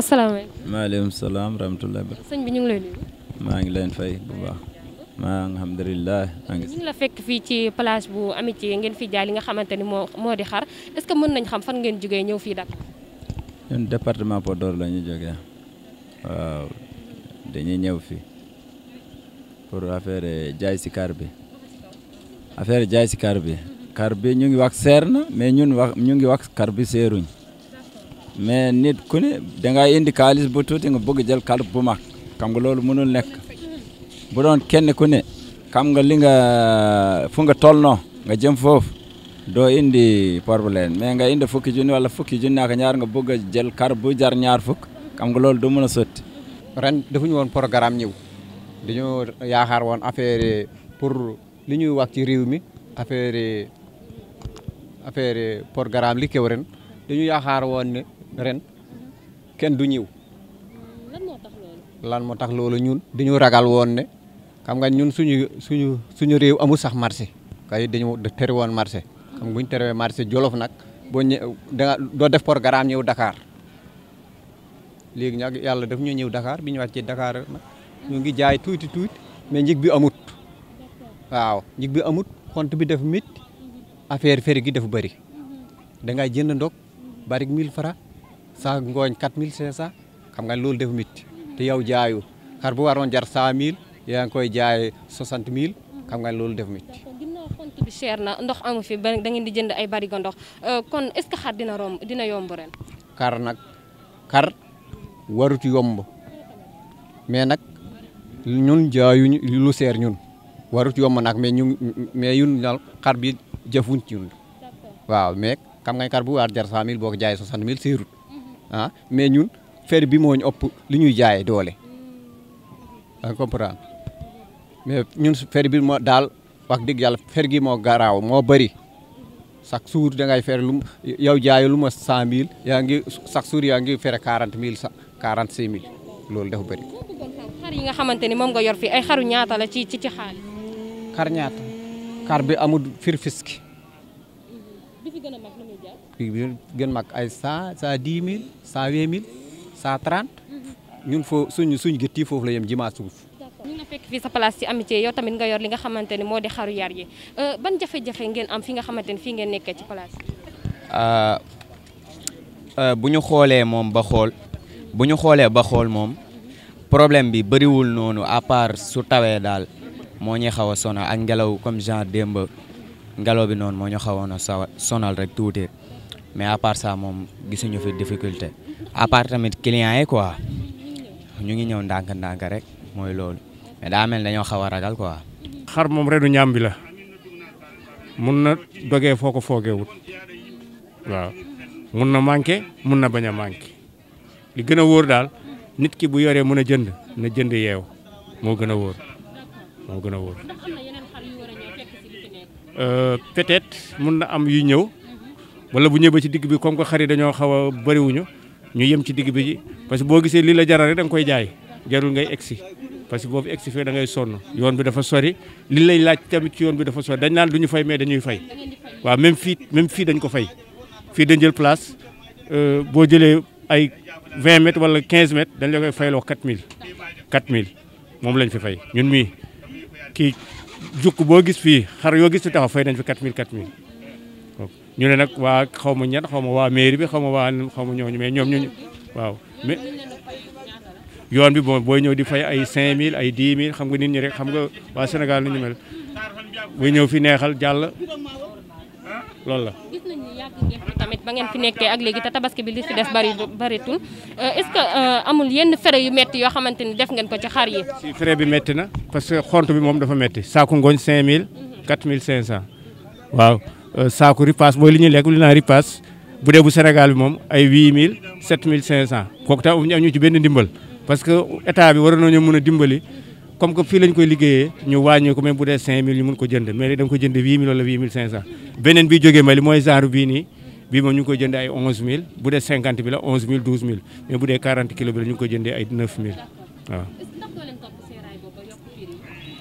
asalaamaaleykum. maaleykum salaam rahmatulah. sëñ bi ñu maa ngi leen fay bu baax. maa alhamdulilah. maa ngi la fekk fii ci place bu amitié ngeen fi jaay li nga xamante ni moo moo di xar est que mën nañ xam fan ngeen jógee ñëw fii Dakar. ñun département Podor la ñu jógee waaw dañuy ñëw fii pour affaire jaay si car bi affaire jaay si car bi kar bi ñu ngi wax seer na mais ñun wax ñu ngi wax car bi seeruñ mais nit ku ne da ngaa indi kaalis bu tuuti nga bëgg jël kal bu mag xam nga loolu mënul nekk bu doon kenn ku ne xam nga li nga fu nga toll noo nga jëm foofu doo indi problème mais nga indi fukki junni wala fukki junni ak ñaar nga bëgg a jël kar bu jar ñaar fukk xam nga loolu du mën a sotti. ren defuñu woon programme ñëw dañoo yaakaar woon affaire pour li ñuy wax ci réew mi affaire affaire programme li kew ren dañu yaakaar woon ne. ren kenn du ñëw. lan moo tax loolu. lan moo ñun dañu ragal woon ne xam nga ñun suñu suñu suñu réew amul sax marché. kay dañu tere woon marché. xam nga bu ñu terewee marché Jolof nag boo ñë danga doo def programme ñëw dakaar léegi nag yàlla def ñu ñëw dakaar bi ñu wàccee Dakar nag ñu ngi jaay tuuti tuuti mais njëg bi amut. waaw njëg bi amut xont bi def mit affaire feri gi daf bëri dangay jënd ndog bari 1000 francs sa ngooñ 4500 xam nga loolu def mit te yow jaayu xar bu waroon jar 100000 yaa ngi koy jaay 60000 xam nga loolu def mit xont na ndox amu fi ba da ngeen di jënd ay barigo ndox euh, kon est-ce que xar dina romb dina yomb ren. xar nag xar warut yomb mais nag ñun jaayuñu lu seer ñun warut yomb nag mais ñu mais yun daal xar bi jëfuñ ci ñun waaw mais xam nga xar bu waar jar 100000 boo ko jaayee 60000 seerut. ah mais ñun fer bi moo ñu ëpp lu ñuy jaayee doole ah, da nga comprendre mais ñun fer bi moo daal wax dëgg yàlla fer gi moo garaaw moo bëri chaque jour da ngay fer lu yow jaayu lu ma cent mille yaa ngi chaque jour yaa ngi fere quarante mille sa quarante cinq mille loolu dafa bëri. xar yi nga xamante ni moom nga yor fii ay xaru ñaata la ci ci ci xaalis. xar ñaata xar bi amul firfiski. prix bi gën mag ay cent cent dix mille cent vingt mille cent trente ñun foo suñu suñu gët foofu la yem jimaa suuf. ñu ngi la fekk fii sa tamit nga yor li nga xamante ne moo di xaru yar yi euh, ban jafe-jafe am fi nga xamante ne fii ngeen nekkee ci place ah, euh, bu ñu xoolee moom ba xool bu ñu xoolee ba xool moom problème bi bëriwul noonu à part su tawee daal moo ñuy xaw a sonal ak ngelaw comme genre demb ngelaw bi noonu moo ñu xawoon a sonal rek tuuti. mais à part ça moom gisuñu fi difficulté à part tamit clients yi quoi ñu ngi ñëw ndànk-ndànk rek mooy loolu mais daa mel dañoo xaw a ragal quoi. xar moom reenu ñaam bi la mun na dogee foo ko foogeewut waaw mun na manqué mun na bañ a manqué li gën a wóor daal nit ki bu yoree mun a jënd na jënd yeew moo gën a wóor moo gën a wóor euh, peut-être mun na am yu ñëw. wala bu ñëwee ci digg bi comme que xar yi dañoo xaw a bëriwuñu ñu yem ci digg bi ji parce que boo gisee lii la jaral rek koy jaay jarul ngay egsi parce que boobu egsi fee da ngay sonn yoon bi dafa sori li lay laaj tamit ci yoon bi dafa sori dañ naan du ñu fay mais dañuy fay waaw même fii même fii dañ ko fay fii dañ jël place euh, boo jëlee ay 20 mètres wala 15 mètres dañ la koy fayloo 4000 4000 moom lañ fi fay ñun mii kii jukk boo gis fii xar yoo gis fi taxaw fay nañ fi 4000 4000 ñu ne nag waa xaw ma ñan xaw ma waa mairie bi xaw ma waa xaw ma ñooñu mais ñoom ñooñu waaw yoon bi bon booy ñëw di fay ay cinq 5000 ay 10 000 xam nga nit ñi rek xam nga waa Sénégal nañu mel booy ñëw fi neexal jàll loolu la. gis nañ fi tamit ba ngeen fi nekkee ak léegi te tabaski bi li fi des bari baritul euh, est-ce que euh, amul yenn frais yu metti yoo xamante ni def ngeen ko ci xar yi. si frais bi metti na parce que xont bi moom dafa metti saako ngooñ 5000 4500 waaw. Euh, saaku ripaas mooy li ñuy lekk li naa ripaas bu dee bu Sénégal bi moom ay 8000 7500 kooku tam am ñu ci benn ndimbal parce que état bi a dimbali comme que fii lañ koy liggéeyee ñu wàññi ko même bu dee 5000 ñu mun ko jënd mais da nga ko jënd 8000 wala 8500. beneen bi jógee Mali mooy genre bii nii bii moom ñu ngi koy jëndee ay 11000 bu dee 50 bi la 11000 12000 mais bu dee 40 kilos bi ñu ngi koy ay 9000 waaw.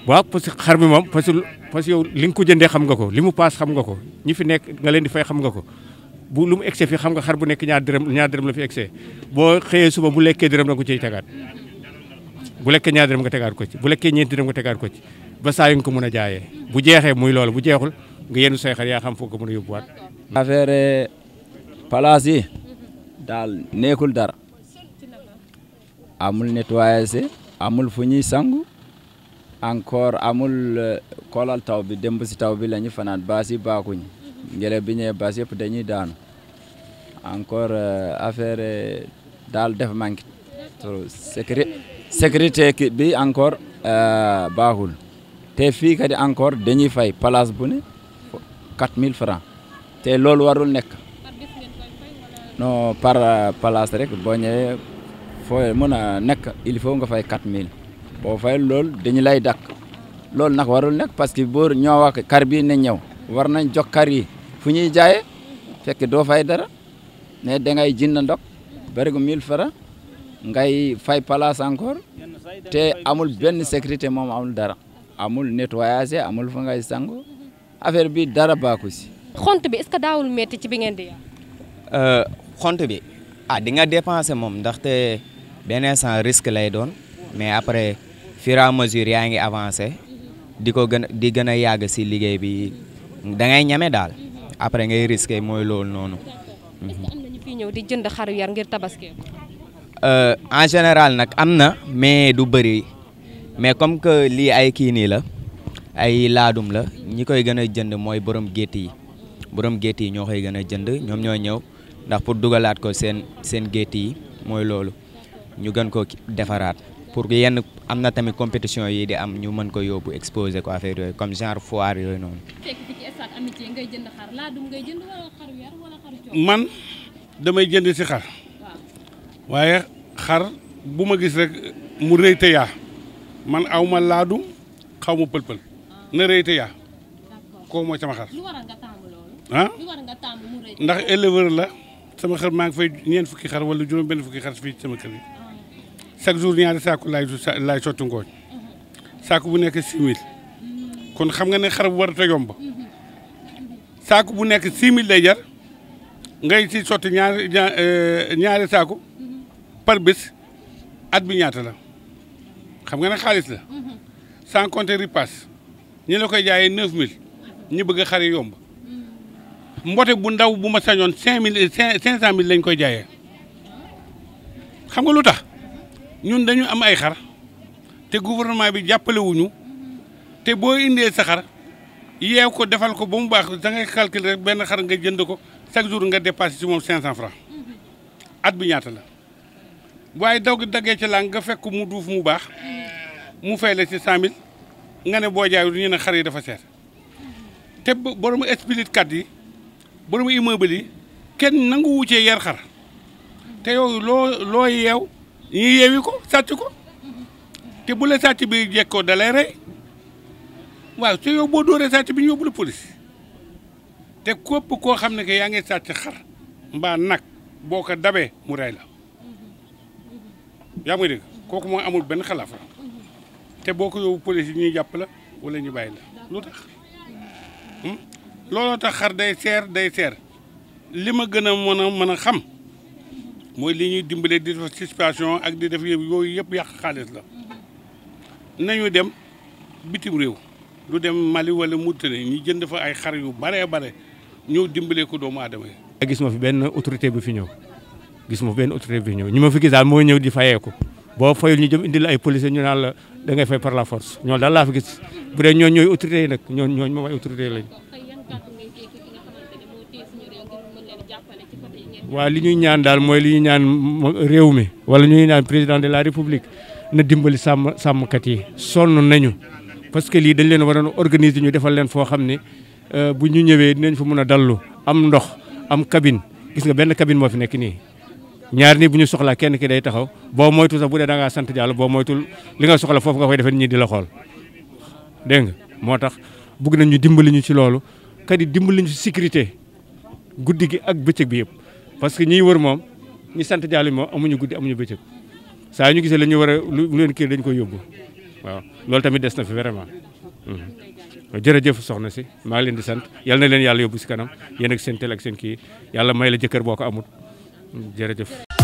waaw parce que xar mi moom parce que parce li nga ko jëndee xam nga ko li mu paas xam nga ko ñi fi nekk nga leen di fay xam nga ko bu lu mu egsee fi xam nga xar bu nekk ñaar dërëm ñaar dërëm la fi egsee boo xëyee suba bu lekkee dërëm la ko ciy tegaat bu lekkee ñaar dërëm nga tegaat ko ci bu lekkee ñeenti dërëm nga tegaat ko ci ba saa yu nga ko mën a jaayee bu jeexee muy loolu bu jeexul nga yenn say xar yaa xam foog ko mën a yóbbuwaat. affaire place yi daal nekkul dara amul nettoyage amul fu ñuy sangu. encore amul xoolal euh, taw bi demb si taw bi la fanaan baas yi baakuñ ngelaw bi ñëwee baas yëpp dañuy daanu encore euh, affaire euh, daal def manqué trop ki bi encore baaxul te fii kadi encore dañuy fay place bu ne 4000 francs te loolu warul nekk non par place rek boo ñëwee foo mën a nekk il faut nga fay 4000 boo fay loolu dañu lay dàq loolu nag warul nekk parce que boo ñoo wax kar bi ne ñëw war nañ jox kar yi fu ñuy jaayee fekk doo fay dara mais da ngay jënd ndox bari ko 1000 francs ngay fay place encore te amul benn sécurité moom amul dara amul nettoyage amul fa ngay sangu affaire bi dara baaku si. xont bi est-ce que daawul métti ci bi ngeen di. Euh, xont bi ah di nga dépenser moom ndaxte benn instant risque lay doon mais après. fur mesure yaa ngi avancé di ko gën di gën a yàgg si liggéey bi da ngay ñeme daal après ngay risqué mooy loolu noonu. est di jënd xaru yar ngir tabaski. Euh, en général nag am na mais du bëri mais comme que lii ay kii nii la ay laadum la ñi koy gën a jënd mooy borom gétt yi borom gétt yi ñoo koy gën a jënd ñoom ñoo ñëw ndax pour dugalaat ko seen seen gétt yi mooy loolu ñu gën ko defaraat. pour yenn am na tamit compétition yi di am ñu man ko yóbbu exposé ko affaire yooyu comme genre foire yooyu noonu. man damay jënd si xar. waaye xar bu ma gis rek mu rëy te yaa man aw ma laadum xaw ma pël-pël na rëy te yaa koo mooy sama xar. lu waral ah? ndax éleveur la sama xar maa ngi fay ñeent fukki xar wala juróom benn fukki xar fii sama kër chaque jour ñaari saako laay laay sotti ngooñ saako bu nekk 6000 kon xam nga ne xar bu war a yomb saako bu nekk 6000 lay jar ngay ci sotti ñaari eh, ñaari saako par bés at bi ñaata la xam nga ne xaalis la sans compter ripaas ñi la koy jaayee 9000 ñu bëgg a xar yomb mbote bu ndaw bu ma sañoon 5000 500000 lañ koy jaaye xam nga lu tax. ñun dañu am ay xar te gouvernement bi jàppalewuñu te boo indee sa xar yeew ko defal ko ba mu baax da ngay calcul rek benn xar nga jënd ko chaque jour nga dépassé ci moom 500 francs at bi ñaata la waaye daw daggee ci laa nga fekk mu duuf mu baax mu fay la ci 100000 nga ne boo jaayul ñu ne xar yi dafa seer te borom explique kat yi borom immeuble yi kenn nangu wuccee yar xar te yow loo loo yeew ñu yeewi ko sàcc ko te bu la sàcc bi jekkoo da lay rey waaw su yow boo dóoree sàcc bi ñu yóbbu la police te képp koo xam ne que yaa ngi sàcc xar mbaa nag boo ko dabee mu rey la yaa ngi dégg kooku moo amul benn xalaat te boo ko yóbbu police yi ñuy jàpp la wala ñu bàyyi la lu tax hmm? looloo tax xar day seer day seer li ma gën a mën a mën a xam. mooy li ñuy dimbalee di def suspension ak di def yooyu yëpp yàq xaalis la nañu dem bitim réew du dem Mali wala Mauritanie ñu jënd fa ay xar yu baree bare ñëw dimbale ko doomu aadama yi. gis ma fi benn autorité bu fi ñëw gis ma fi benn autorité bu fi ñëw ma fi gis daal moo ñëw di fayeeku boo fayul ñu jëm indi ay policiers ñu naan la da ngay fay par la force ñoo daal laa fa gis bu dee ñooñu ñooy autorités yi nag ñooñu ñooñu moom ay autorités lañu. waa li ñuy ñaan daal mooy li ñuy ñaan réew mi wala ñuy ñaan président de la république na dimbali sàmm sàmmkat yi sonn nañu parce que lii dañ leen waroon organiser ñu defal leen foo xam ne euh, bu ñu ñëwee dinañ fa mën a dallu am ndox am cabine gis nga benn cabine moo fi nekk nii ñaar nii bu ñu soxlaa kenn ki day taxaw boo moytu sax bu dee da sant Yàlla boo moytul li nga soxla foofu nga koy defee nii di la xool nga moo tax bëgg nañ ñu dimbali ñu ci loolu kat yi dimbali ñu ci sécurité guddi gi ak bëccëg bi yëpp parce que ñiy wër moom ñi sant Diallo moom amuñu guddi amuñu bëccëg saa ñu gisee la ñu war a lu leen kii dañ koy yóbbu waaw loolu tamit des na fi vraiment. Mm-hmm. jërëjëf soxna si maa ngi leen di sant yalla na leen yàlla yóbbu si kanam yéen seen tel ak seen kii yàlla may la jëkkër boo ko amul mm, jërëjëf.